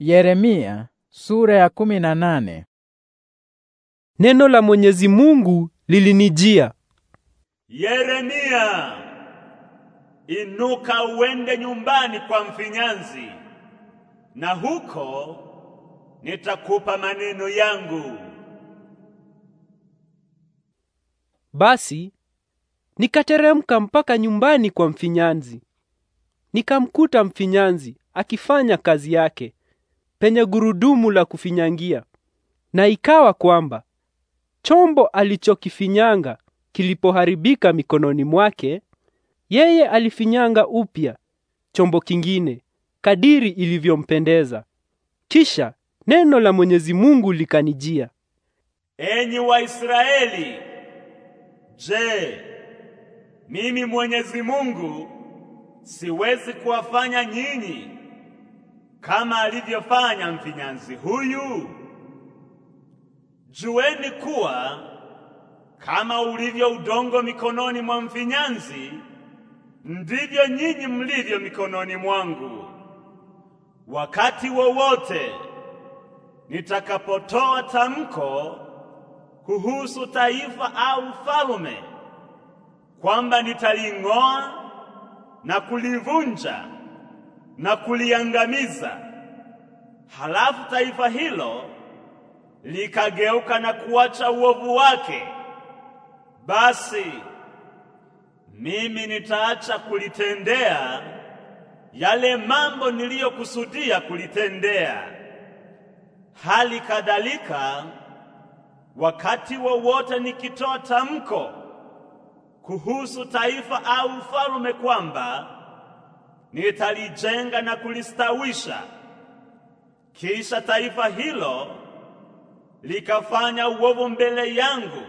Yeremia sura ya kumi na nane. Neno la Mwenyezi Mungu lilinijia. Yeremia, inuka uende nyumbani kwa mfinyanzi na huko nitakupa maneno yangu. Basi nikateremka mpaka nyumbani kwa mfinyanzi. Nikamkuta mfinyanzi akifanya kazi yake penye gurudumu la kufinyangia. Na ikawa kwamba chombo alichokifinyanga kilipoharibika mikononi mwake, yeye alifinyanga upya chombo kingine kadiri ilivyompendeza. Kisha neno la Mwenyezi Mungu likanijia, enyi Waisraeli, je, mimi Mwenyezi Mungu siwezi kuwafanya nyinyi kama alivyofanya mfinyanzi huyu? Jueni kuwa kama ulivyo udongo mikononi mwa mfinyanzi, ndivyo nyinyi mlivyo mikononi mwangu. Wakati wowote nitakapotoa tamko kuhusu taifa au falme kwamba nitaling'oa na kulivunja na kuliangamiza. Halafu taifa hilo likageuka na kuacha uovu wake, basi mimi nitaacha kulitendea yale mambo niliyokusudia kulitendea. Hali kadhalika, wakati wowote nikitoa tamko kuhusu taifa au falume kwamba nitalijenga na kulistawisha, kisha taifa hilo likafanya uovu mbele yangu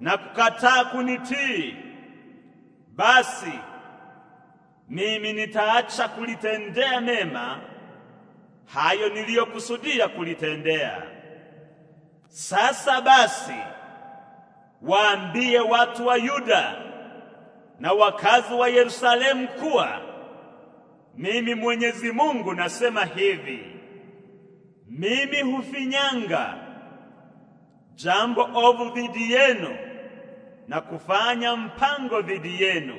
na kukataa kunitii, basi mimi nitaacha kulitendea mema hayo niliyokusudia kulitendea. Sasa basi, waambie watu wa Yuda na wakazi wa Yerusalemu kuwa mimi Mwenyezi Mungu nasema hivi, mimi hufinyanga jambo ovu dhidi yenu na kufanya mpango dhidi yenu.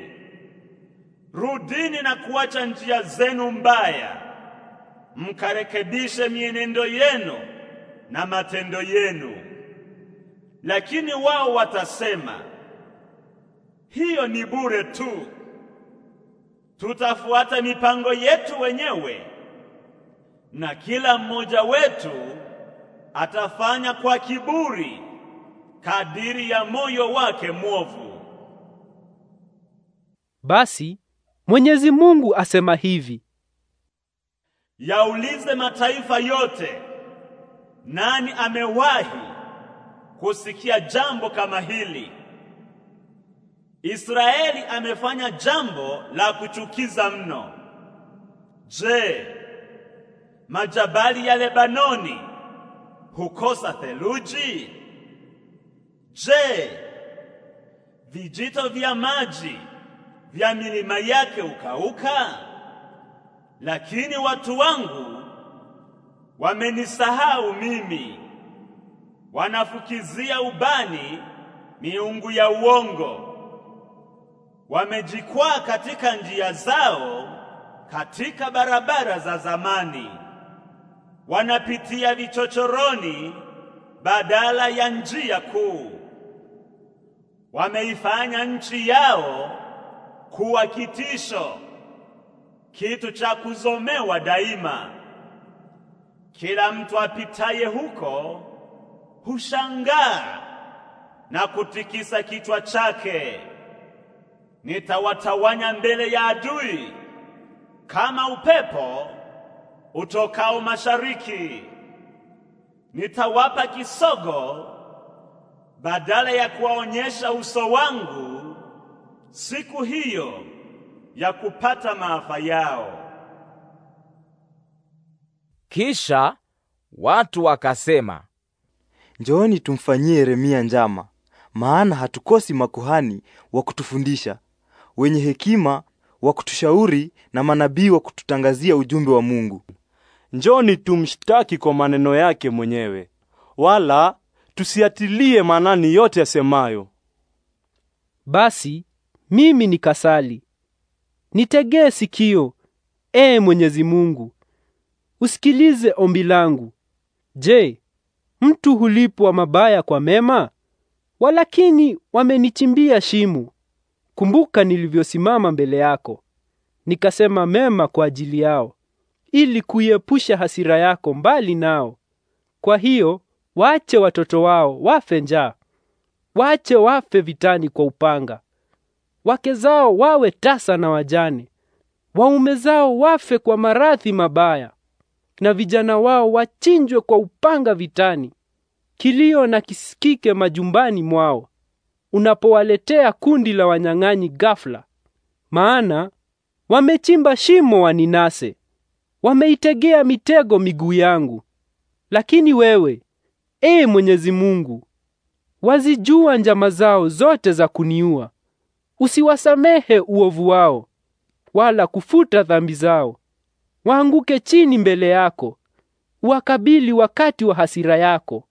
Rudini na kuacha njia zenu mbaya, mkarekebishe mienendo yenu na matendo yenu. Lakini wao watasema hiyo ni bure tu tutafuata mipango yetu wenyewe na kila mmoja wetu atafanya kwa kiburi kadiri ya moyo wake mwovu. Basi Mwenyezi Mungu asema hivi: Yaulize mataifa yote, nani amewahi kusikia jambo kama hili? Israeli amefanya jambo la kuchukiza mno. Je, majabali ya Lebanoni hukosa theluji? Je, vijito vya maji vya milima yake ukauka? Lakini watu wangu wamenisahau mimi, wanafukizia ubani miungu ya uongo wamejikwaa katika njia zao, katika barabara za zamani, wanapitia vichochoroni badala ya njia kuu. Wameifanya nchi yao kuwa kitisho, kitu cha kuzomewa daima. Kila mtu apitaye huko hushangaa na kutikisa kichwa chake nitawatawanya mbele ya adui kama upepo utokao mashariki. Nitawapa kisogo badala ya kuwaonyesha uso wangu siku hiyo ya kupata maafa yao. Kisha watu wakasema, njooni tumfanyie Yeremia njama, maana hatukosi makuhani wa kutufundisha wenye hekima wa kutushauri na manabii wa kututangazia ujumbe wa Mungu. Njoni tumshtaki kwa maneno yake mwenyewe, wala tusiatilie maanani yote yasemayo. Basi mimi nikasali, nitegee sikio, ee Mwenyezi Mungu, usikilize ombi langu. Je, mtu hulipwa mabaya kwa mema? Walakini wamenichimbia shimo. Kumbuka nilivyosimama mbele yako, nikasema mema kwa ajili yao, ili kuiepusha hasira yako mbali nao. Kwa hiyo waache watoto wao wafe njaa, waache wafe vitani kwa upanga, wake zao wawe tasa na wajane, waume zao wafe kwa maradhi mabaya, na vijana wao wachinjwe kwa upanga vitani. Kilio na kisikike majumbani mwao, unapowaletea kundi la wanyang'anyi ghafla, maana wamechimba shimo waninase, wameitegea mitego miguu yangu. Lakini wewe, ee Mwenyezi Mungu, wazijua njama zao zote za kuniua. Usiwasamehe uovu wao wala kufuta dhambi zao. Waanguke chini mbele yako, wakabili wakati wa hasira yako.